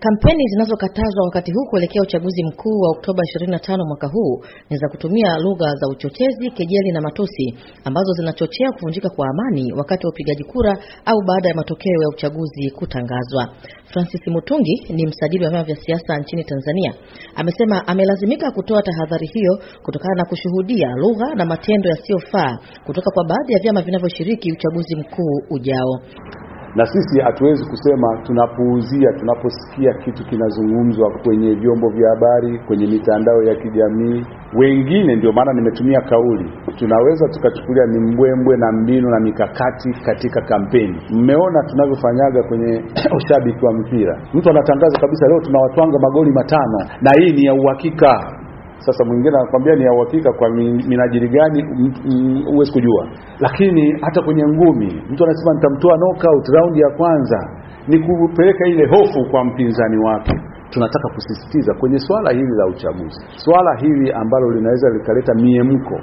Kampeni zinazokatazwa wakati huu kuelekea uchaguzi mkuu wa Oktoba 25 mwaka huu ni za kutumia lugha za uchochezi, kejeli na matusi ambazo zinachochea kuvunjika kwa amani wakati wa upigaji kura au baada ya matokeo ya uchaguzi kutangazwa. Francis Mutungi ni msajili wa vyama vya siasa nchini Tanzania. Amesema amelazimika kutoa tahadhari hiyo kutokana na kushuhudia lugha na matendo yasiyofaa kutoka kwa baadhi ya vyama vinavyoshiriki uchaguzi mkuu ujao na sisi hatuwezi kusema tunapuuzia tunaposikia kitu kinazungumzwa kwenye vyombo vya habari, kwenye mitandao ya kijamii. Wengine ndio maana nimetumia kauli, tunaweza tukachukulia ni mbwembwe na mbinu na mikakati katika kampeni. Mmeona tunavyofanyaga kwenye ushabiki wa mpira, mtu anatangaza kabisa, leo tunawatwanga magoli matano, na hii ni ya uhakika sasa mwingine anakwambia ni ya uhakika kwa minajili gani, huwezi kujua. Lakini hata kwenye ngumi mtu anasema nitamtoa knockout round ya kwanza, ni kupeleka ile hofu kwa mpinzani wake. Tunataka kusisitiza kwenye swala hili la uchaguzi, swala hili ambalo linaweza likaleta miemko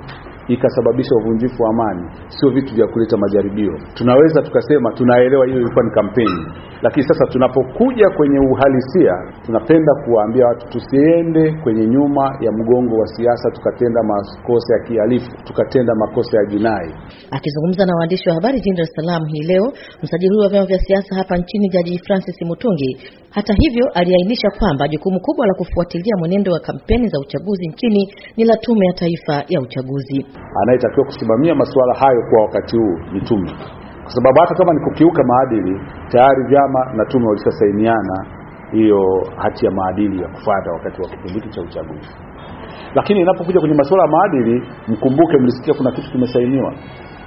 ikasababisha uvunjifu wa amani, sio vitu vya kuleta majaribio. Tunaweza tukasema tunaelewa hiyo ilikuwa ni kampeni, lakini sasa tunapokuja kwenye uhalisia, tunapenda kuwaambia watu tusiende kwenye nyuma ya mgongo wa siasa, tukatenda makosa ya kihalifu, tukatenda makosa ya jinai. Akizungumza na waandishi wa habari jijini Dar es Salaam hii leo, msajili wa vyama vya siasa hapa nchini Jaji Francis Mutungi hata hivyo, aliainisha kwamba jukumu kubwa la kufuatilia mwenendo wa kampeni za uchaguzi nchini ni la Tume ya Taifa ya Uchaguzi. Anayetakiwa kusimamia masuala hayo kwa wakati huu ni tume, kwa sababu hata kama ni kukiuka maadili, tayari vyama na tume walishasainiana hiyo hati ya maadili ya kufuata wakati wa kipindi cha uchaguzi. Lakini inapokuja kwenye masuala ya maadili, mkumbuke, mlisikia kuna kitu kimesainiwa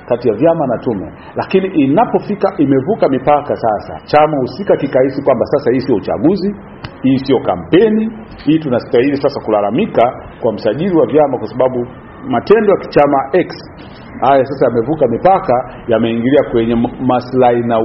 kati ya vyama na tume, lakini inapofika imevuka mipaka sasa, chama husika kikahisi kwamba sasa hii sio uchaguzi, hii sio kampeni, hii tunastahili sasa kulalamika kwa msajili wa vyama, kwa sababu matendo ya kichama X haya sasa yamevuka mipaka, yameingilia kwenye maslahi na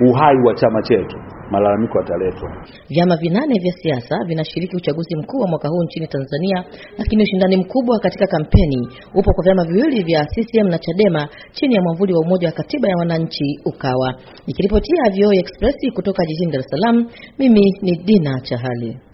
uhai wa chama chetu malalamiko yataletwa. Vyama vinane vya siasa vinashiriki uchaguzi mkuu wa mwaka huu nchini Tanzania, lakini ushindani mkubwa katika kampeni upo kwa vyama viwili vya CCM na Chadema chini ya mwavuli wa Umoja wa Katiba ya Wananchi Ukawa. Nikiripotia VOA e Express kutoka jijini Dar es Salaam, mimi ni Dina Chahali.